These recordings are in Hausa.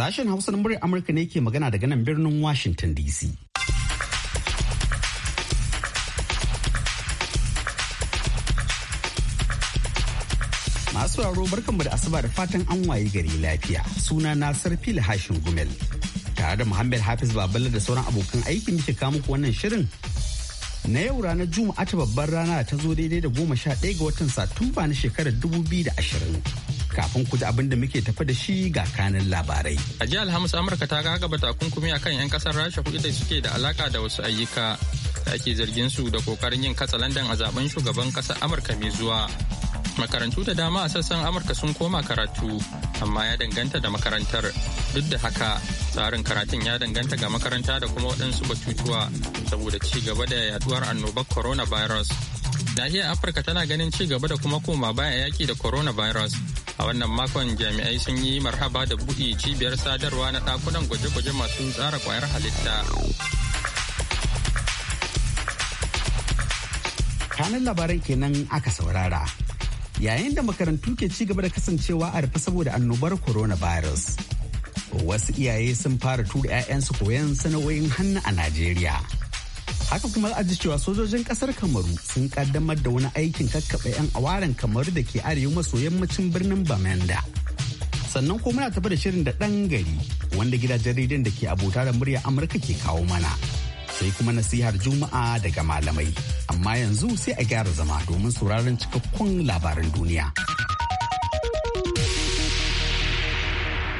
Sashen Hausa na muryar Amurka ne ke magana daga nan birnin Washington DC. Masu raro barkanmu da asuba da fatan an waye gari lafiya. Suna na Sarfil Hashin Gumel. Tare da Muhammad Hafiz Babala da sauran abokan aiki muke kawo muku wannan shirin na yau ranar juma'a ta babbar rana ta zo daidai da goma sha ɗaya ga watan satumba na shekarar dubu biyu da ashirin kafin ku ji abin da muke tafi da shi ga kanin labarai. A jiya Alhamis Amurka ta ga gaba takunkumi a kan 'yan kasar Rasha kuɗi da suke da alaka da wasu ayyuka da ake zargin su da kokarin yin katsalandan a zaben shugaban kasar Amurka mai zuwa. Makarantu da dama a sassan Amurka sun koma karatu amma ya danganta da makarantar. Duk da haka tsarin karatun ya danganta ga makaranta da kuma waɗansu batutuwa saboda ci gaba da yaduwar annobar coronavirus. Nahiyar Afirka tana ganin ci gaba da kuma koma baya yaki da coronavirus a wannan makon jami'ai sun yi marhaba da buɗe cibiyar sadarwa na ɗakunan gwaje-gwaje masu tsara kwayar halitta kanin labaran kenan aka saurara yayin da makarantu ke ci gaba da kasancewa a rufe saboda annobar coronavirus wasu iyaye sun fara tura 'ya'yansu koyon sana'o'in hannu a najeriya haka kuma ji cewa sojojin kasar kamaru sun kaddamar da wani aikin kakkaɓe 'yan awaren kamaru da ke arewa maso yammacin birnin bamenda sannan ko muna tafi da shirin da ɗan gari wanda gidajen rediyon da ke abota da murya amurka ke kawo mana sai kuma nasihar juma'a daga malamai amma yanzu sai a gyara zama domin sauraron cikakkun labaran duniya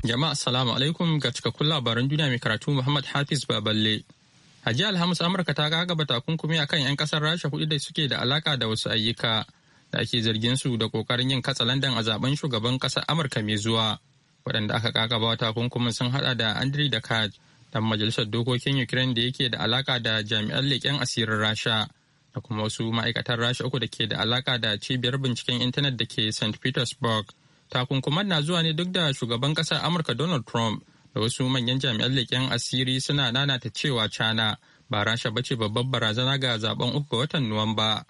jama'a assalamu alaikum ga cikakkun labaran duniya mai karatu muhammad hafiz baballe A jiya Alhamis Amurka ta gagaba takunkumi a kan 'yan kasar Rasha hudu da suke da alaka da wasu ayyuka da ake zargin su da kokarin yin katsalandan a zaben shugaban kasar Amurka mai zuwa. Waɗanda aka gagaba takunkumin sun hada da Andriy Dakaj, dan majalisar dokokin Ukraine da yake da alaka da jami'an leƙen asirin Rasha da kuma wasu ma'aikatan Rasha uku da ke da alaka da cibiyar binciken intanet da ke St. Petersburg. Takunkuman na zuwa ne duk da shugaban kasar Amurka Donald Trump da wasu manyan jami'an leƙen asiri suna nanata cewa cana ba rasha ba ce babbar barazana ga zaben uku watan nuwamba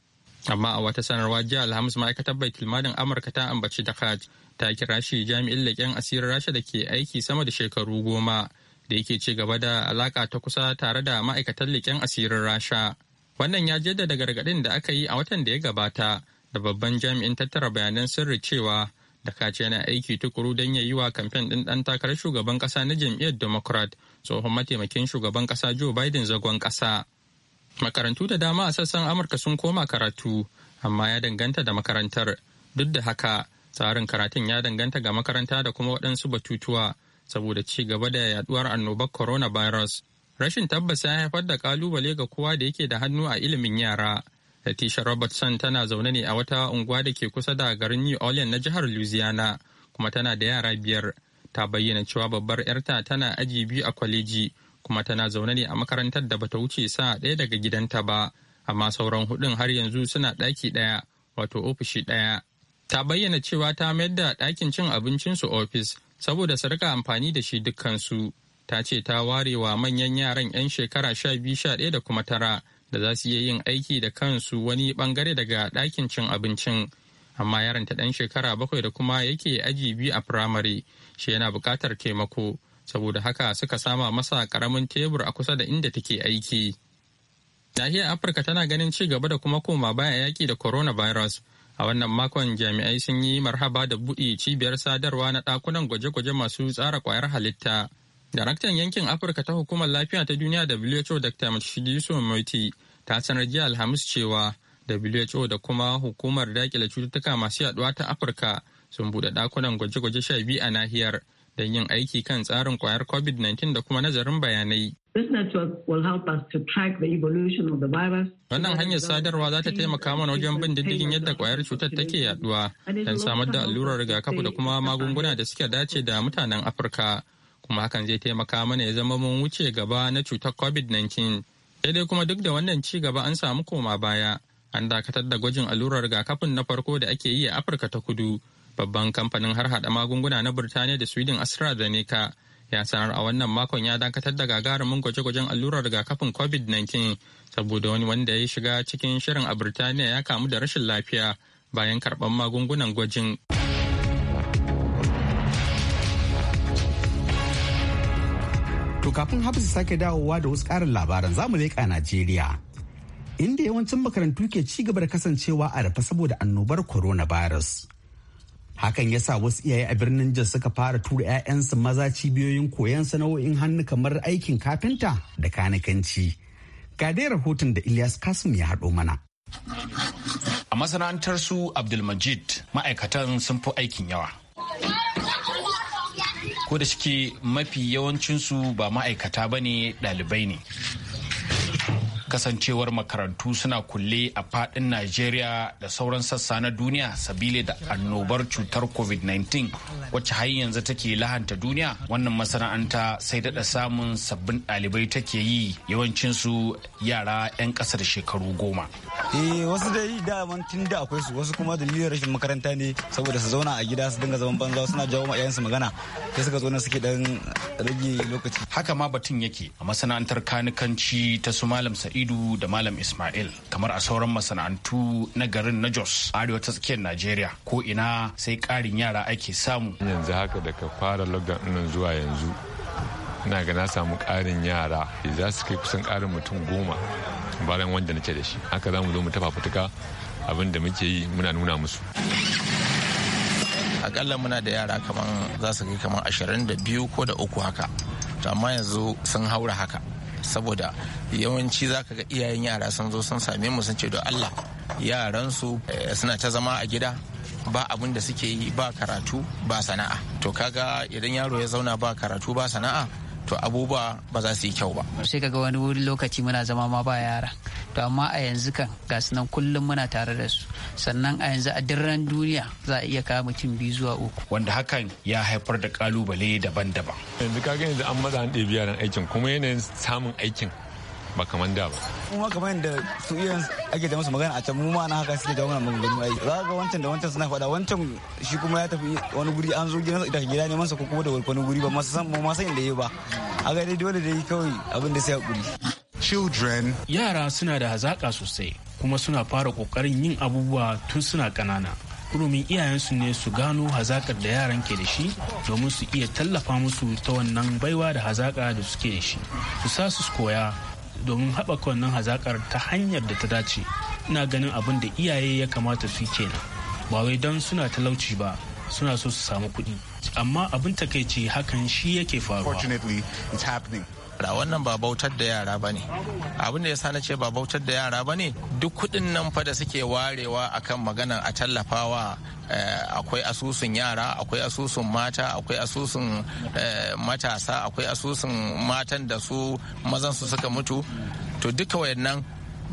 amma a wata sanarwa jiya alhamis ma'aikatar baitul amurka ta ambaci hajj ta kira shi jami'in leƙen asirin rasha da ke aiki sama da shekaru goma da yake ci gaba da alaka ta kusa tare da ma'aikatan leƙen asirin rasha wannan ya jaddada gargaɗin da aka yi a watan da ya gabata da babban jami'in tattara bayanan sirri cewa da kace yana aiki tukuru don ya yi wa kamfen ɗin ɗan takarar shugaban ƙasa na jam'iyyar democrat tsohon mataimakin shugaban ƙasa joe biden zagon ƙasa makarantu da dama a sassan amurka sun koma karatu amma ya danganta da makarantar duk da haka tsarin karatun ya danganta ga makaranta da kuma waɗansu batutuwa saboda ci gaba da yaduwar annobar coronavirus rashin tabbas ya haifar da kalubale ga kowa da yake da hannu a ilimin yara Latisha Robertson tana zaune ne a wata unguwa da ke kusa da garin New Orleans na jihar Louisiana kuma tana da yara biyar. Ta bayyana cewa babbar 'yarta tana aji biyu a kwaleji kuma tana zaune ne a makarantar da bata wuce sa ɗaya daga gidanta ba, amma sauran hudun har yanzu suna ɗaki ɗaya wato ofishi ɗaya. Ta bayyana cewa ta mayar da ɗakin cin abincinsu ofis saboda su rika amfani da shi dukkansu. Ta ce ta warewa manyan yaran 'yan shekara sha biyu sha ɗaya da kuma tara da za su iya yin aiki da kansu wani bangare daga ɗakin cin abincin amma yaron ta ɗan shekara bakwai da kuma yake aji biyu a firamare shi yana buƙatar taimako saboda haka suka sama masa ƙaramin tebur a kusa da inda take aiki nahiyar afirka tana ganin ci gaba da kuma koma baya yaƙi da coronavirus a wannan makon jami'ai sun yi marhaba da buɗe cibiyar sadarwa na ɗakunan gwaje-gwaje masu tsara ƙwayar halitta Daraktan yankin Afirka ta hukumar lafiya ta duniya WHO Dr. Matshidiso Moiti ta sanar jiya Alhamis cewa WHO da kuma hukumar dakile cututtuka masu yaduwa ta Afirka sun buɗe ɗakunan gwaje-gwaje sha biyu a nahiyar don yin aiki kan tsarin kwayar COVID-19 da kuma nazarin bayanai. Wannan hanyar sadarwa za ta taimaka mana wajen bin diddigin yadda kwayar cutar take yaduwa don samar da allurar rigakafi da kuma magunguna da suke dace da mutanen Afirka. kuma hakan zai taimaka mana ya zama mun wuce gaba na cutar covid-19 sai dai kuma duk da wannan ci gaba an samu koma baya an dakatar da gwajin allurar rigakafin na farko da ake yi a afirka ta kudu babban kamfanin har hada magunguna na birtaniya da sweden astrazeneca ya sanar a wannan makon ya dakatar da gagarumin gwaje-gwajen allurar rigakafin covid-19 saboda wani wanda ya shiga cikin shirin a birtaniya ya kamu da rashin lafiya bayan karban magungunan gwajin To kafin Hafiz sake dawowa da wasu ƙarin labaran zamu leƙa Najeriya. Inda yawancin makarantu ke ci gaba da kasancewa a rufe saboda annobar coronavirus. Hakan ya sa wasu iyaye a birnin Jos suka fara tura 'ya'yansu maza cibiyoyin koyon sana'o'in hannu kamar aikin kafinta da kanikanci. Ga dai rahoton da Ilyas Kasim ya haɗo mana. A masana'antar su Abdulmajid ma'aikatan sun fi aikin yawa. ko da shike mafi yawancinsu ba ma'aikata ba ne ɗalibai ne kasancewar makarantu suna kulle a fadin Najeriya da sauran sassa na duniya sabile da annobar cutar COVID-19 wacce har yanzu take lahanta duniya wannan masana'anta sai dada samun sabbin ɗalibai take yi yawancinsu yara 'yan ƙasa da shekaru goma. eh wasu dai daman tun da akwai su wasu kuma dalilin rashin makaranta ne saboda su zauna a gida su dinga zaman banza suna jawo ma su magana sai suka zo suke dan rage lokaci haka ma batun yake a masana'antar kanikanci ta su malam sa'idu da malam ismail kamar a sauran masana'antu na garin na jos arewa ta tsakiyar najeriya ko ina sai karin yara ake samu yanzu haka daga fara lockdown zuwa yanzu ina ga na samu karin yara za su kai kusan karin mutum goma bayan wanda na ce da shi haka za mu zo mu tafa abin da muke yi muna nuna musu akalla muna da yara kamar za su kai kamar ashirin da biyu ko da uku haka to amma yanzu sun haura haka saboda yawanci za ka ga iyayen yara sun zo sun same mu sun ce da allah yaransu eh, suna ta zama a gida ba abin da suke yi ba karatu ba sana'a to kaga idan yaro ya zauna ba karatu ba sana'a to abubuwa ba za su yi kyau ba sai kaga wani wuri lokaci muna zama ma ba yara to amma a yanzu kan ga nan kullum muna tare da su sannan a yanzu a dirran duniya za a iya kawo mutum biyu zuwa uku wanda hakan ya haifar da kalubale daban-daban yanzu kaga yanzu an matsa an ɗebi yaran aikin kuma yanayin samun aikin ba kamar da ba. Kuma kamar yadda su iya ake da masu magana a can mu ma na haka suke da abu maganganu ai. Za ga wancan da wancan suna faɗa wancan shi kuma ya tafi wani guri an zo gidan da gida ne sa ko kuma da wani guri ba ma san ma san inda yayi ba. A ga dai dole dai kawai abin da sai hakuri. Children. Yara suna da hazaƙa sosai kuma suna fara ƙoƙarin yin abubuwa tun suna ƙanana. kurumin iyayensu ne su gano hazakar da yaran ke da shi domin su iya tallafa musu ta wannan baiwa da hazaka da suke da shi su sa su koya domin haɓaka wannan hazakar ta hanyar da ta dace ina ganin abin da iyaye ya kamata su kenan ba wai don suna talauci ba suna so su samu kuɗi amma abin takaici hakan shi yake faruwa yara wannan ba bautar da yara ba ne abin da ya na ce ba bautar da yara ba ne duk kudin nan fa da suke warewa akan maganan a tallafawa eh, akwai asusun yara akwai asusun mata akwai asusun eh, matasa akwai asusun matan da su mazan su suka mutu to duka wayannan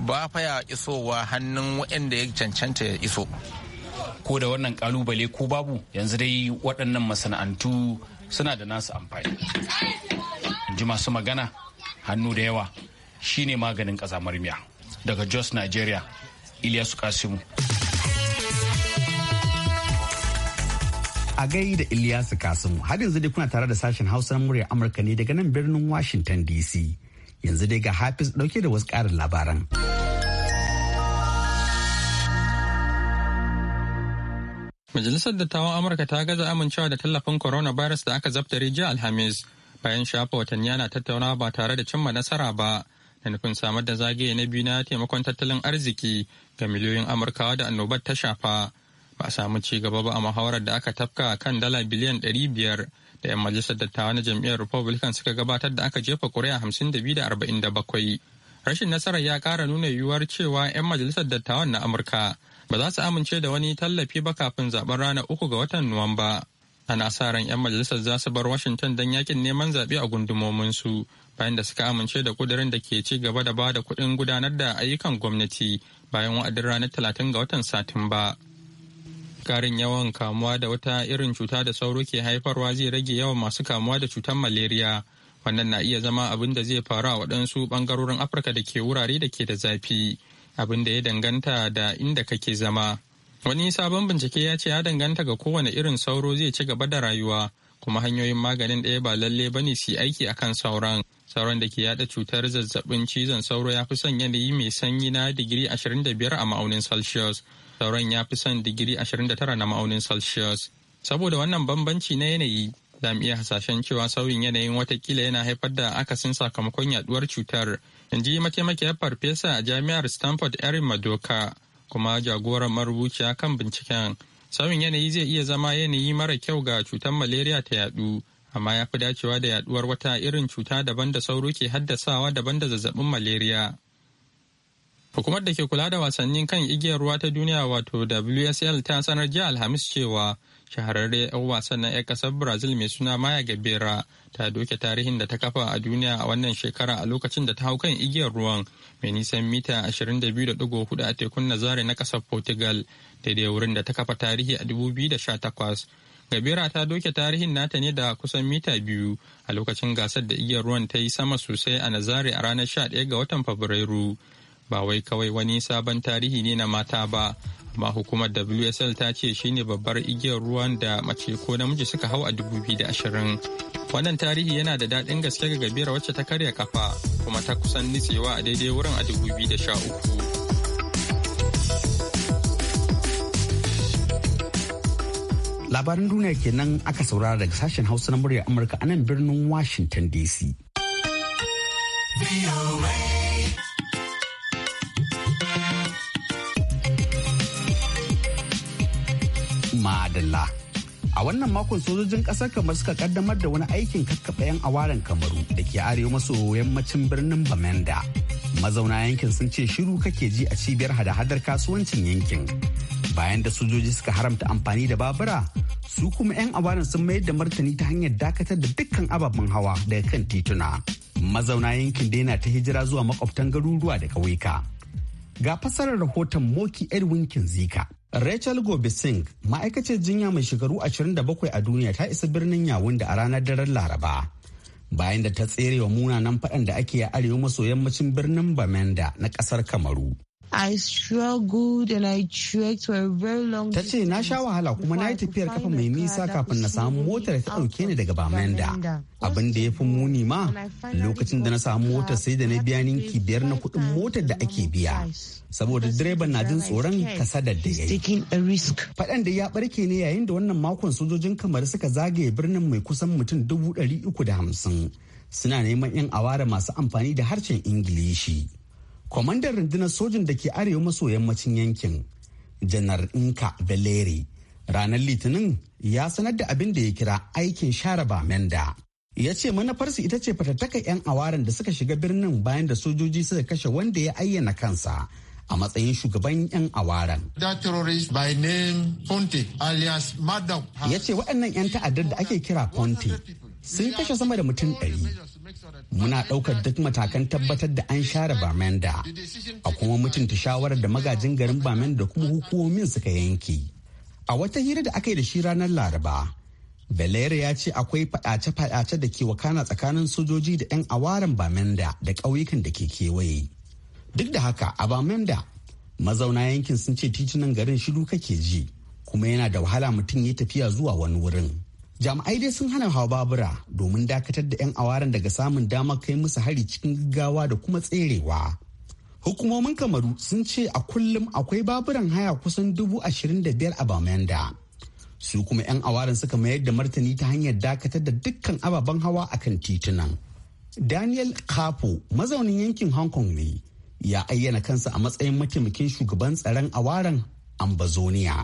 ba fa ya isowa hannun waɗanda ya cancanta ya iso ko da wannan kalubale ko babu yanzu dai waɗannan masana'antu suna da nasu amfani masu magana hannu da yawa shine maganin kazamar miya daga jos nigeria iliyasu kasimu a gai da Iliyasu Kasimu har yanzu dai kuna tare da sashen Hausa na murya Amurka ne daga nan birnin Washington DC. Yanzu dai ga Hafiz dauke da wasu ƙarin labaran. Majalisar Dattawan Amurka ta gaza amincewa da tallafin coronavirus da aka zabtare jiya Alhamis bayan shafa watanni ana tattaunawa ba tare da cimma nasara ba da nufin samar da zagaye na biyu na taimakon tattalin arziki ga miliyoyin amurkawa da annobar ta shafa ba a samu ci gaba ba a muhawarar da aka tafka kan dala biliyan ɗari biyar da 'yan majalisar dattawa na jam'iyyar republican suka gabatar da aka jefa kuri'a hamsin da biyu da arba'in da bakwai rashin nasarar ya kara nuna yiwuwar cewa 'yan majalisar dattawan na amurka ba za su amince da wani tallafi ba kafin zaben ranar uku ga watan nuwamba ana sa ran 'yan majalisar za su bar washington don yakin neman zaɓe a gundumominsu bayan da suka amince da kudirin da ke ci gaba da bada kuɗin gudanar da ayyukan gwamnati bayan wa'adin ranar talatin ga watan satumba karin yawan kamuwa da wata irin cuta da sauro ke haifarwa zai rage yawan masu kamuwa da cutar malaria wannan na iya zama abin da zai faru a waɗansu ɓangarorin afirka da ke wurare da ke da zafi abin da ya danganta da inda kake zama Wani sabon bincike ya ce ya danganta ga kowane irin sauro zai ci gaba da rayuwa kuma hanyoyin maganin ɗaya ba lalle ba ne su aiki a kan sauran. Sauran da ke yada cutar zazzabin cizon sauro ya fi son yanayi mai sanyi na digiri 25 a ma'aunin Celsius. Sauran ya fi son digiri 29 na ma'aunin Celsius. Saboda wannan bambanci na yanayi, za mu iya hasashen cewa sauyin yanayin watakila yana haifar da akasin sakamakon yaduwar cutar. In ji mataimakiyar farfesa a jami'ar Stanford Erin Madoka. kuma jagoran marubuciya kan binciken sauyin yanayi zai iya zama yanayi mara kyau ga cutar malaria ta yadu amma ya fi dacewa da yaduwar wata irin cuta daban da sauro ke haddasawa daban da zazzabin malaria Hukumar da ke kula da wasannin kan igiyar ruwa ta duniya wato WSL ta sanar jiya Alhamis cewa shahararre 'yan wasan na 'yan kasar Brazil mai suna Maya Gabera ta doke tarihin da ta kafa a duniya a wannan shekara a lokacin da ta hau kan igiyar ruwan mai nisan mita 22.4 a tekun Nazare na kasar Portugal daidai wurin da ta kafa tarihi a 2018. gabera ta doke tarihin nata ne da kusan mita biyu a lokacin gasar da igiyar ruwan ta yi sama sosai a Nazare a ranar 11 ga watan Fabrairu ba wai kawai wani sabon tarihi ne na mata ba amma hukumar wsl ta ce shine babbar igiyar ruwan da mace ko namiji suka hau a 2020 wannan tarihi yana da daɗin gaske ga gabiyar wacce ta karya kafa kuma ta kusan nitsewa a daidai wurin a 2013 labarin duniya kenan aka saurara daga sashen hausa na murya amurka a nan birnin washington dc a wannan makon sojojin ƙasar kamar suka kaddamar da wani aikin kakkaɓe 'yan awaren kamaru da ke arewa maso yammacin birnin bamenda mazauna yankin sun ce shiru kake ji a cibiyar hada-hadar kasuwancin yankin bayan da sojoji suka haramta amfani da babura su kuma 'yan awaren sun mayar da martani ta hanyar dakatar da dukkan ababen hawa daga kan tituna mazauna yankin daina ta hijira zuwa makwabtan garuruwa da ƙauyuka ga fassarar rahoton moki edwin kinzika Rachel Gobe Singh, ma'aikaciyar jinya mai shekaru 27 a duniya ta isa birnin Yawunda da a ranar daren Laraba. Bayan da ta tsere wa munanan faɗan da ake a arewa maso yammacin birnin Bamenda na ƙasar Kamaru. I struggled and I trekked for a very long Ta ce na sha wahala kuma na yi tafiyar kafa mai nisa kafin na samu motar ta ɗauke ni daga Bamenda. Abin da ya fi muni ma lokacin da na samu motar sai da na biya ninki biyar na kuɗin motar da ake biya. Saboda direban na jin tsoron kasadar da ya yi. Faɗan da ya ɓarke ne yayin da wannan makon sojojin kamar suka zagaye birnin mai kusan mutum dubu ɗari uku da hamsin. Suna neman 'yan awara masu amfani da harshen Ingilishi. kwamandan rundunar sojin da ke arewa maso yammacin yankin janar inka beleri ranar litinin ya sanar da abin da ya kira aikin share bamenda ya ce manufarsu ita ce fatattaka 'yan awaran da suka shiga birnin bayan da sojoji suka kashe wanda ya ayyana kansa a matsayin shugaban 'yan awaran. Ya ce waɗannan 'yan ta'addar da ake kira Ponte sun kashe sama da mutum ɗari muna ɗaukar duk matakan tabbatar da an share bamenda a kuma mutunta shawarar da magajin garin bamenda da kuma hukumomin suka yanke a wata hira da aka yi da shi ranar laraba Belere ya ce akwai faɗace-faɗace da ke wakana tsakanin sojoji da 'yan awaran bamenda da ƙauyukan da ke kewaye duk da haka a bamenda mazauna yankin sun ce titunan garin shiru kake ji kuma yana da wahala mutum ya tafiya zuwa wani wurin jami'ai dai sun hana hawa babura domin dakatar da 'yan awaran daga samun damar kai musu hari cikin gaggawa da kuma tserewa hukumomin kamaru sun ce a kullum akwai baburan haya kusan dubu ashirin da biyar a bamenda su kuma 'yan awaran suka mayar da martani ta hanyar dakatar da dukkan ababen hawa a kan titunan daniel kapo mazaunin yankin hong kong ne ya ayyana kansa a matsayin mataimakin shugaban tsaron awaran ambazonia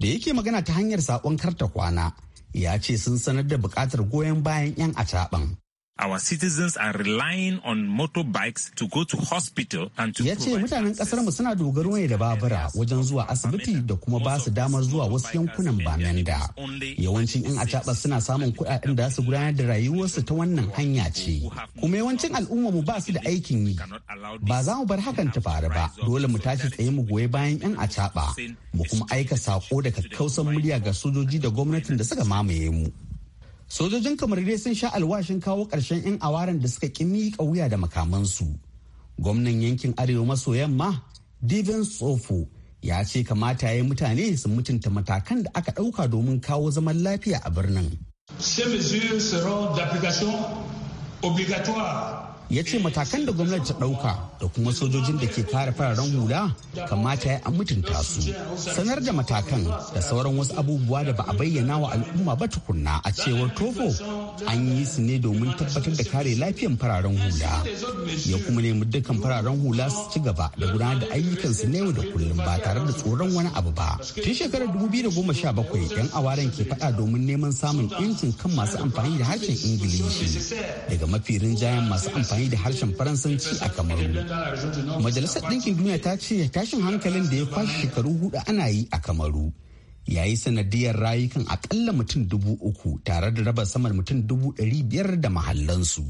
da yake magana ta hanyar saƙon karta kwana ya ce sun sanar da buƙatar goyon bayan 'yan acaɓan Our citizens are relying on motorbikes to go to hospital and to Ya ce mutanen kasar mu suna dogaro ne da babura wajen zuwa asibiti da kuma ba su damar zuwa wasu yankunan ba nan da. Yawancin 'yan acaɓa suna samun kuɗaɗen da su gudanar da rayuwarsu ta wannan hanya ce. Kuma yawancin al'ummar mu ba su da aikin yi. Ba za mu bar hakan ta faru ba. Dole mu tashi tsaye mu goyi bayan 'yan acaɓa. Mu kuma aika sako da kakkausan murya ga sojoji da gwamnatin da suka mamaye mu. sojojin kamar dai sun sha alwashin kawo ƙarshen 'yan awaren da suka ƙi miƙa wuya da makamansu gwamnan yankin arewa maso yamma divin tsofo ya ce kamata ya yi mutane su mutunta matakan da aka ɗauka domin kawo zaman lafiya a birnin. Ces mesures seront d'application obligatoire ya ce matakan da gwamnati ta ɗauka da kuma sojojin da ke kare fararen hula kamata ya an mutunta su sanar da matakan da sauran wasu abubuwa da ba a bayyana wa al'umma ba tukunna a cewar tofo an yi su ne domin tabbatar da kare lafiyan fararen hula ya kuma nemi dukkan fararen hula su ci gaba da gudanar da ayyukansu na yau da kullum ba tare da tsoron wani abu ba tun shekarar 2017 yan awaren ke faɗa domin neman samun 'yancin kan masu amfani da harshen ingilishi daga mafi rinjayen masu amfani amfani da harshen faransanci a kamaru majalisar ɗinkin duniya ta ce tashin hankalin da ya kwashe shekaru hudu ana yi a kamaru ya yi sanadiyar rayukan akalla mutum dubu uku tare da raba saman mutum dubu ɗari biyar da mahallansu.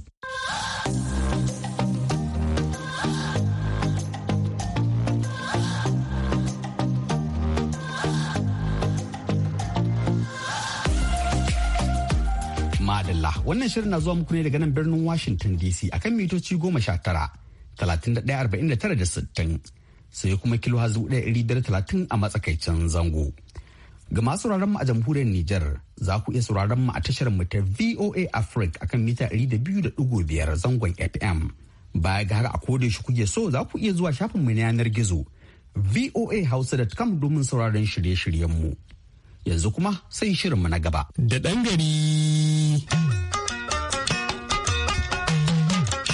Allah wannan shirin na zuwa muku ne daga nan birnin Washington DC akan mitoci goma sha tara, talatin da ɗaya arba'in da tara da sittin, sai kuma kilo hazu ɗaya biyar talatin a matsakaicin zango. Ga masu sauraron mu a jamhuriyar Nijar za ku iya sauraron mu a tashar mu ta VOA Africa akan mita ɗari da biyu da ɗigo biyar zangon FM. Baya ga haka a koda shi kuke so za ku iya zuwa shafin mu na yanar gizo voahausa.com domin sauraron shirye-shiryen mu. yanzu kuma sai mu na gaba. Da ɗan gari.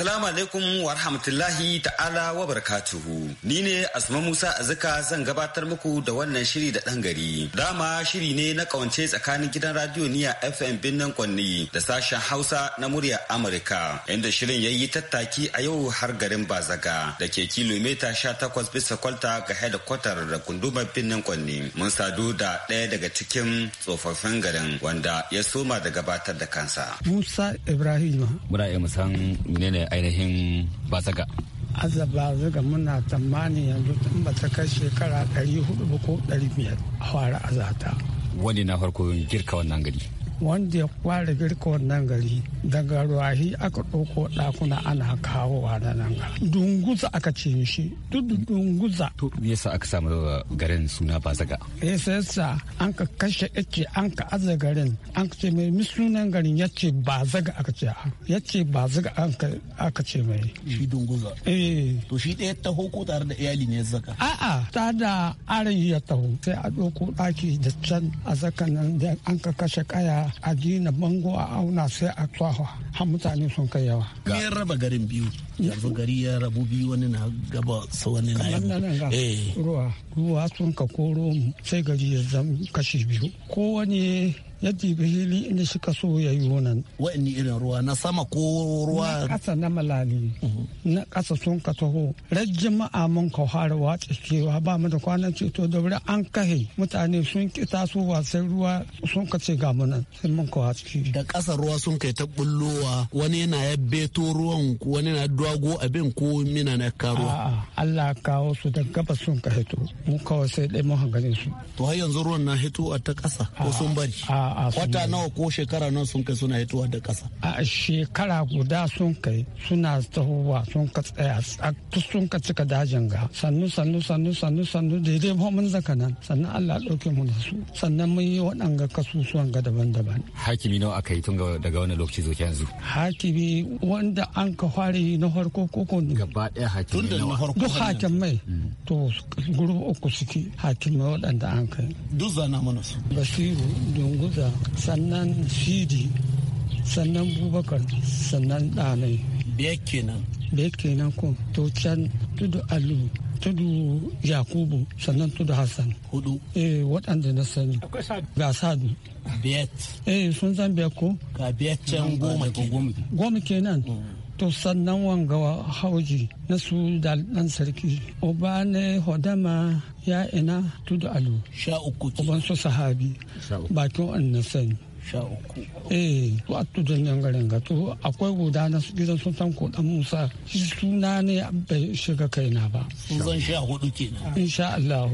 Assalamu alaikum wa rahmatullahi ta'ala wa barakatuhu. Ni ne Asma Musa Azuka zan gabatar muku da wannan shiri da ɗan gari. Dama shiri ne na kawance tsakanin gidan radiyo niya FM Binnan Kwanni da sashen Hausa na murya Amurka. Inda shirin ya yi tattaki a yau har garin Bazaga da ke kilomita sha takwas bisa kwalta ga hedikwatar da gundumar Binnan Kwanni. Mun sadu da ɗaya daga cikin tsofaffin garin wanda ya soma da gabatar da kansa. Musa Ibrahim. Ibrahim san ne ainihin bazaga azza bazaga muna tsammanin yanzu tun ba ta kai shekara 400 ko 500 a fara azata wani na farko girka wannan gari wanda ya fara girka wannan gari daga ruwahi aka ɗauko ɗakuna ana kawo kawowa da nan dunguza aka ce shi duk dunguza to me yasa aka samu garin suna bazaga eh yasa an ka kashe yake an ka aza garin an ka ce mai sunan garin yace bazaga aka ce yace bazaga an ka aka ce mai shi dunguza eh to shi ɗaya taho ko tare da iyali ne zaka a'a ta da aran ya taho sai a ɗauko ɗaki da can a zaka nan an ka kashe kaya gida a gina bango a auna sai a tsawa har mutane sun kai yawa. Me ya raba garin biyu? Yanzu gari ya rabu biyu wani na gaba sau wani na ga eh. Ruwa, ruwa sun ka koro sai gari ya zama kashi biyu. Kowane ya dibi hili inda shi so ya yi wannan. Wa'anni irin ruwa na sama ko ruwa? Na ƙasa na malali. Mhm. Na ƙasa sun ka taho. Rajin ma'a mun ka fara watsa cewa ba mu da kwanan ceto da wuri an kahe mutane sun ki taso wasan ruwa sun ka ce ga mu nan sun mun ka watsa Da kasa ruwa sun kai ta bullowa wani yana ya beto ruwan wani na dwago abin ko mina na karo Allah kawo su da gaba sun ka hito. Mu kawai sai dai mun ne su. To har yanzu ruwan na hito a ta kasa ko sun bari? A wata nawa ko shekara nan sun kai suna hituwa da kasa a shekara guda sun kai suna tahowa sun ka tsaya sun ka cika dajin ga sannu sannu sannu sannu sannu daidai ba mun zaka nan sannan Allah ɗauke mu da su sannan mun yi waɗanga kasusuwan ga daban-daban hakimi nawa aka yi tun daga wani lokaci zo yanzu hakimi wanda an ka yi na farko ko ko gaba ɗaya hakimi na farko duk hakimai mm. to guru uku suke hakimai waɗanda an kai duk zana mana su basiru dunguza hamza sannan Fidi sannan bubakar sannan ɗanai biyar kenan biyar kenan ko to can tudu alu tudu yakubu sannan tudu hassan hudu eh waɗanda na sani ga sadu biyar eh sun san biyar ko ga biyar can goma kenan goma kenan mm. to sannan wangawa hauji na su da dan sarki oba ne hodama ya ina tudu alu sha uku su sahabi bakin annasani sha uku. Eh, a da garin ga to akwai guda na gidan sun san ko dan Musa suna ne bai shiga kaina ba. Sun zan sha hudu kenan. Insha Allah.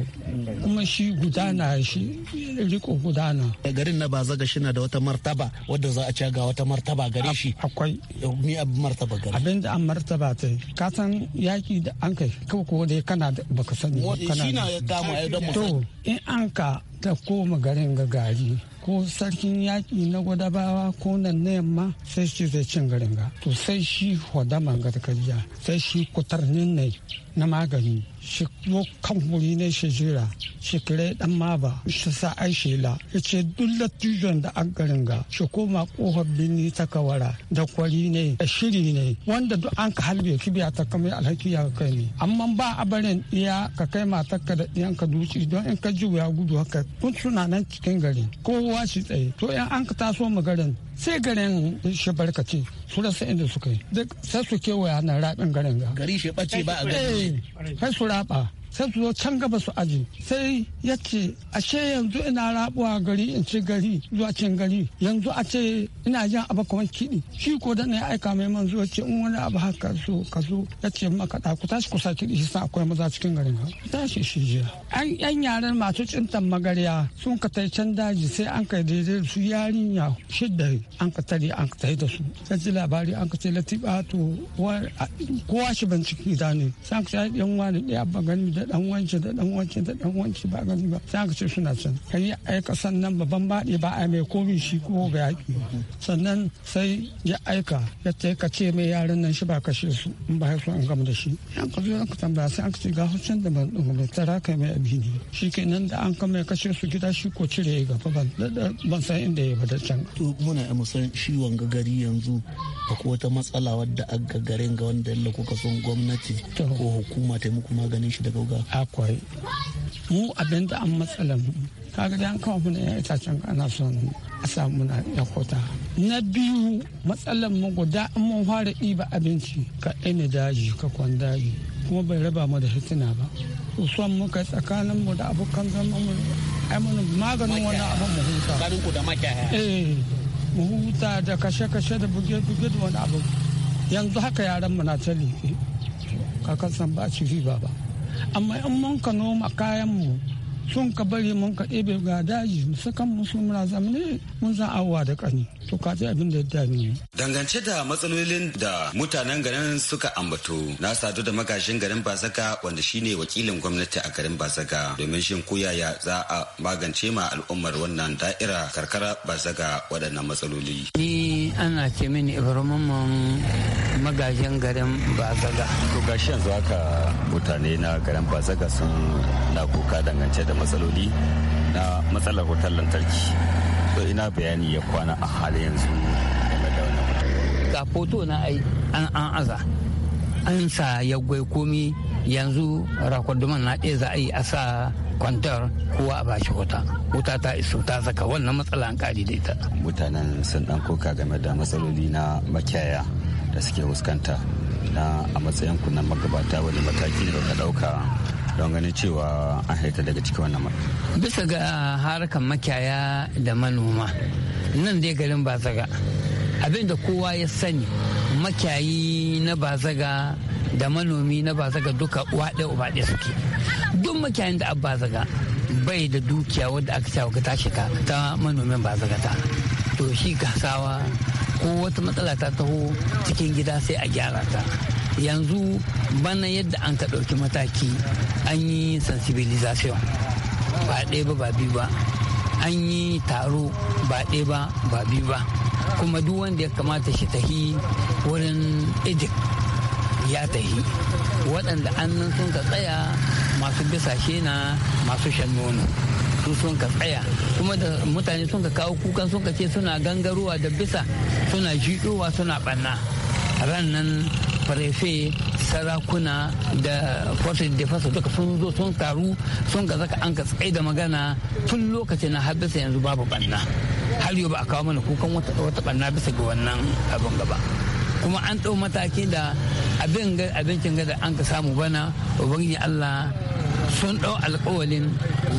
Kuma shi gudana shi riko gudana. Eh, garin na bazaga shi na da wata martaba wadda za a ci ga wata martaba gare shi. Akwai. Eh, Mi abin martaba gare. Abin da an martaba ta Ka san yaki da an kai ko dai kana da baka sani. Shi na ya kama ya don mu. To in an ka ta koma garin ga gari. ko sarkin yaƙi na gwadabawa ko nan na yamma sai shi zai cin garin ga to sai shi hodaman gargajiya sai shi kutarnin ne na magani shi kuma kan wuri ne shi jira shi kare dan maba shi sa ai shela ya ce duk da an garin ga shi koma kofar birni ta kawara da kwari ne da shiri ne wanda duk an ka halbe ki biya ta kamar alhaki ya kai ne amma ba barin iya ka kai matarka da iyan ka duci don in ka ji ya gudu haka kun suna nan cikin gari kowa shi tsaye to in an ka taso mu garin sai garin shi barkace su rasa inda suka yi duk sai su kewaya na rabin garin ga gari shi bace ba a gari eh, har su raba sai su zo can gaba su aji sai ya ce ashe yanzu ina rabuwa gari in ce gari zuwa cikin gari yanzu a ce ina jan abu kamar kiɗi shi ko da na aika mai man zuwa ce in wani abu haka so ka zo ya ce maka da ku tashi ku sa kiɗi shi sa akwai maza cikin garin ha tashi shi jiya an yan yaran masu cintan magarya sun ka tai can daji sai an ka daidai su yarinya shidda an ka tare an ka tai da su sai ji labari an ka ce latifa to kowa shi binciki da ne sai an ka sai yan wani ɗaya ban gani da dan wanci da dan wanci da dan wanci ba gani ba sai ka ce suna can kan yi aika sannan babban baɗi ba a mai komi shi ko ga yaƙi sannan sai ya aika ya ce ka ce mai yaran nan shi ba kashe su in ba su an gama da shi an ka zo ka tambaya sai an ka ce ga hucin da ban ɗunga tara kai mai abi ne shi nan da an kama ya kashe su gida shi ko cire ya gaba ban san inda ya bada can. to muna a musan shi wanga gari yanzu akwai wata matsala wadda a garin ga wanda kuka son gwamnati ko hukuma ta muku maganin shi daga ba akwai mu abin da an matsala mu kaga da an kawo mana yan itacen ana son a samu na yakota na biyu matsalan mu guda an mun fara ɗiba abinci ka ina daji ka kwan daji kuma bai raba mu da hitina ba son kai tsakanin mu da abokan zama mu ai mun maganin wani abin mu huta garin ku da makiyaya eh mu huta da kashe-kashe da buge-buge da wani abu yanzu haka yaran mu na ta liƙe kakan san ba ci ba ba amma in mun ka noma kayan mu sun ka bari mun ka ɗebe ga daji mu sakan mu su muna zamani mun za awa da ƙani to ka ji abin da ya dami dangance da matsalolin da mutanen garin suka ambato na sadu da magashin garin basaka wanda shine wakilin gwamnati a garin basaka domin shin koyaya za a magance ma al'ummar wannan da'ira karkara basaka waɗannan matsaloli ni ana ce mini ibrahim magashin garin bazaga to gashi yanzu haka mutane na garin bazaga sun na kuka dangance da matsaloli na matsalar wutar lantarki to ina bayani ya kwana a halin yanzu ga foto na ai an an aza an sa ya gwai komi yanzu rakwaduman na ɗaya za a yi a sa kwantar kowa a bashi wuta wuta ta iso ta saka wannan matsala an kari da ita mutanen sun dan koka game da matsaloli na makiyaya da suke fuskanta na a matsayin ku magabata wani mataki da ka ɗauka don ganin cewa an haita daga cikin wannan matsalar. bisa ga harkar makiyaya da manoma nan dai garin bazaga abinda kowa ya sani makiyayi na bazaga da manomi na bazaga duka waɗe ubaɗe suke duk makiyayin da bazaga bai da dukiya wadda aka cewa ka tashi ka ta manomin bazaga ta to shi gasawa ko wata matsala ta taho cikin gida sai a gyara ta yanzu bana yadda an ka ɗauki mataki an yi sensibilisation ba ɗaya ba ba biyu ba an yi taro ba ɗaya ba ba biyu ba kuma duk wanda ya kamata shi tahi wurin ejik ya tahi waɗanda annan sun ka tsaya masu bisashe na masu shan su sun ka tsaya kuma da mutane sun ka kawo kukan sun ka ce suna gangarowa da bisa suna jiɗowa suna ɓanna ran nan farefe sarakuna da forces de defense duka sun zo sun taru sun ga zaka an ka tsaye da magana tun lokacin na har bisa yanzu babu banna har yau ba a kawo mana kukan wata banna bisa ga wannan abin gaba kuma an ɗau mataki da abin abincin gada an ka samu bana ubangiji allah sun ɗau alkawalin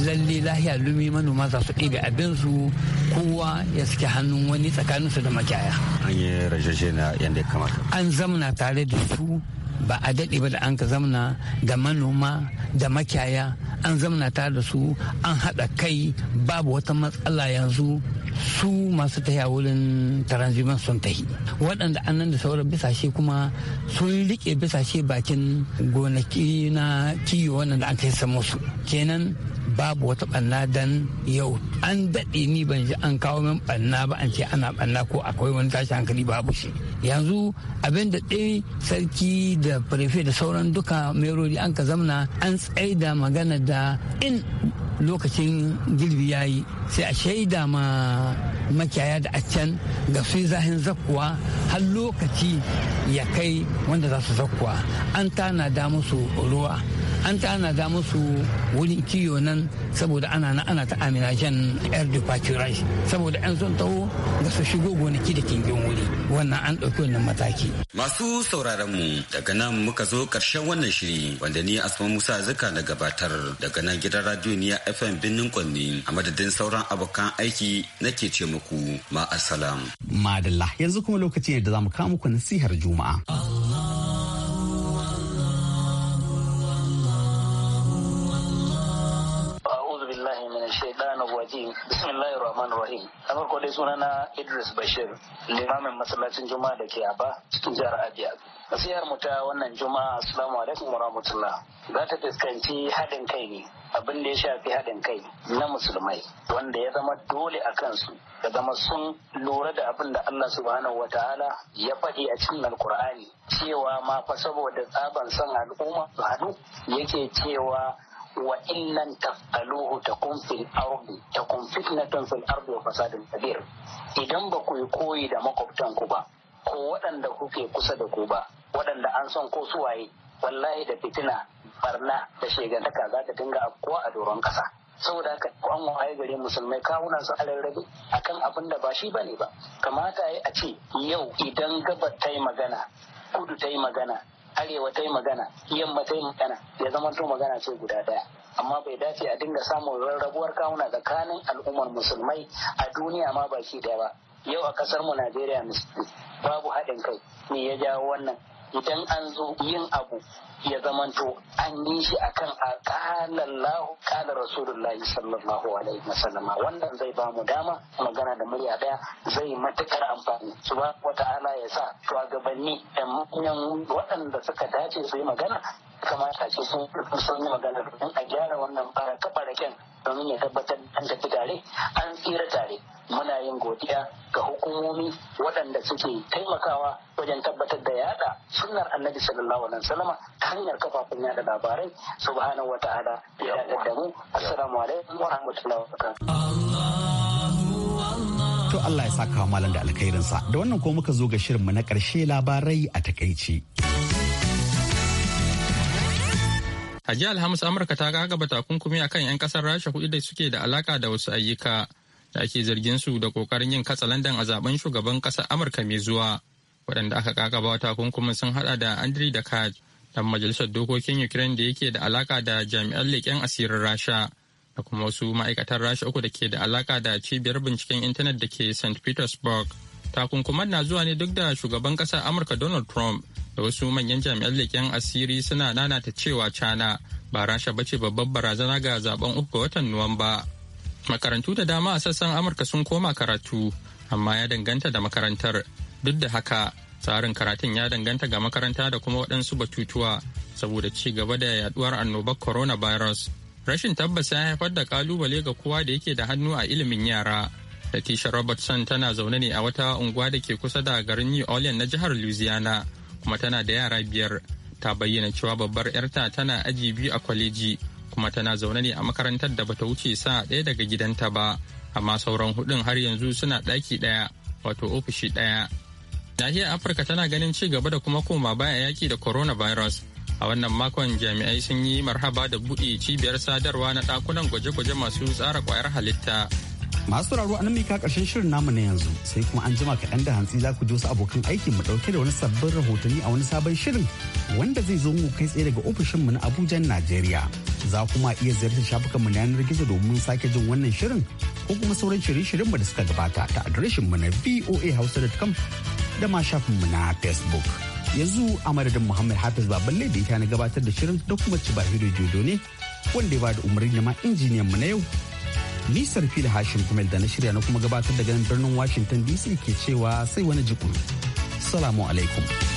lalle lahiya lumi manoma za su ɗiga abinsu kowa ya saki hannun wani tsakaninsu da makiyaya an yi na yadda ya kamata an zamna tare da su ba a daɗe ba da an ka zamna da manoma da makiyaya an zamna tare da su an haɗa kai babu wata matsala yanzu su masu taya wurin taranziman sun tahi waɗanda annan da sauran bisashe kuma sun riƙe bisashe bakin gonaki na kiyo wannan da an kai samu su kenan babu wata banna dan yau an daɗe ni ban ji an kawo min banna ba an ce ana banna ko akwai wani tashi hankali babu shi yanzu abin da ɗaya sarki da prefe da sauran duka merori an ka zamna an tsaida magana da in lokacin girbi ya yi sai a shaida ma makiyaya da a can ga sun zahin zakkuwa har lokaci ya kai wanda za su zakkuwa an tana da musu ruwa an da musu wurin kiyo nan saboda ana na ana ta amina jan yar dupaturai saboda an sun taho da su shigo gonaki da kingin wuri wannan an ɗauki wannan mataki. masu sauraron mu daga nan muka zo karshen wannan shiri wanda ni asma musa zuka na gabatar daga nan gidan radio niya fm birnin kwanni a madadin sauran abokan aiki nake ce muku ma assalam. madalla yanzu kuma lokaci ne da za mu kawo muku nasihar juma'a. rajim bismillahir rahmanir rahim na farko dai sunana Idris Bashir limamin masallacin juma'a da ke Aba cikin jihar Abia nasihar mu ta wannan juma'a assalamu alaikum warahmatullah za ta fuskanci haɗin kai ne abin da ya shafi haɗin kai na musulmai wanda ya zama dole a kansu ya zama sun lura da abin da Allah subhanahu wataala ya faɗi a cikin alkur'ani cewa ma fa saboda tsaban son al'umma su haɗu yake cewa wa illan taf'aluhu takun fil ardi takun fitnatun fil ardi wa fasadun kabir idan ba ku yi koyi da makwabtan ku ba ko waɗanda kuke kusa da ku ba waɗanda an san ko su waye, wallahi da fitina barna da shegantaka za ta dinga afkuwa a doron kasa. saboda haka an waye gare musulmai kawunan su alarrabe akan abin da ba shi bane ba kamata yi a ce yau idan gabar ta yi magana kudu ta yi magana arewa ta yi magana yamma ta yi magana ya zama to magana ce guda daya amma bai dace a dinga samun rarrabuwar kawuna tsakanin al'ummar musulmai a duniya ma baki daya ba yau a kasar mu najeriya babu haɗin kai me ya jawo wannan idan an zo yin abu ya zamanto an yi shi a kan a kalallahu kala rasulullahi sallallahu alaihi wasallama wannan zai ba mu dama magana da murya daya zai matukar amfani su Wata ala ya sa shugabanni da manyan waɗanda suka dace su yi magana kamata ce sun sun yi magana domin a gyara wannan fara kafa raken domin ya tabbatar an tafi tare an tsira tare muna yin godiya ga hukumomi waɗanda suke taimakawa wajen tabbatar da yada sunnar annabi sallallahu alaihi wasallama ta hanyar kafafun yada labarai subhanahu wata'ala ya da mu assalamu alaikum wa rahmatullahi wa barakatuh to Allah ya saka malam da alkhairinsa da wannan ko muka zo ga shirinmu na karshe labarai a takaici A jiya Alhamis Amurka ta gagaba takunkumi akan 'yan kasar Rasha kuɗi da suke da alaka da wasu ayyuka da ake zargin su da kokarin yin katsalandan a zaben shugaban ƙasar Amurka mai zuwa. Waɗanda aka wa takunkumin sun haɗa da da Kaj, dan majalisar dokokin Ukraine da yake da alaka da jami'an leƙen asirin Rasha da kuma wasu ma'aikatan Rasha uku da ke da alaka da cibiyar binciken intanet da ke St. Petersburg. Takunkuman na zuwa ne duk da shugaban ƙasar Amurka Donald Trump da wasu manyan jami'an leƙen asiri suna nanata cewa cana ba rasha ba ce babbar barazana ga zaben uku ga watan nuwamba makarantu da dama a sassan amurka sun koma karatu amma ya danganta da makarantar duk da haka tsarin karatun ya danganta ga makaranta da kuma waɗansu batutuwa saboda ci gaba da yaduwar annobar coronavirus rashin tabbas ya haifar da kalubale ga kowa da yake da hannu a ilimin yara Letitia Robertson tana zaune ne a wata unguwa da ke kusa da garin New Orleans na jihar Louisiana kuma tana da yara biyar ta bayyana cewa babbar 'yarta tana aji biyu a kwaleji kuma tana zaune ne a makarantar da bata wuce sa ɗaya daga gidanta ba amma sauran hudun har yanzu suna ɗaki ɗaya wato ofishi ɗaya nahiyar afirka tana ganin ci gaba da kuma koma baya yaki da coronavirus a wannan makon jami'ai sun yi marhaba da buɗe cibiyar sadarwa na ɗakunan gwaje-gwaje masu tsara kwayar halitta masu sauraro an mika karshen shirin namu na yanzu sai kuma an jima kaɗan da hantsi za ku ji wasu abokan aiki mu ɗauke da wani sabbin rahotanni a wani sabon shirin wanda zai zo mu kai tsaye daga ofishin mu na Abuja Najeriya za kuma iya ziyartar shafukan mu na yanar gizo domin sake jin wannan shirin ko kuma sauran shirye-shiryen mu da suka gabata ta adireshin mu na voahausa.com da ma shafin mu na Facebook yanzu a madadin Muhammad Hafiz Baballe da ita na gabatar da shirin da kuma Cibahiro Jodo ne wanda ya da umarni na ma injiniyan mu na yau sarfi da hashin kumel da na shirya na kuma gabatar da ganin birnin Washington DC ke cewa sai wani jikun. Salamu alaikum.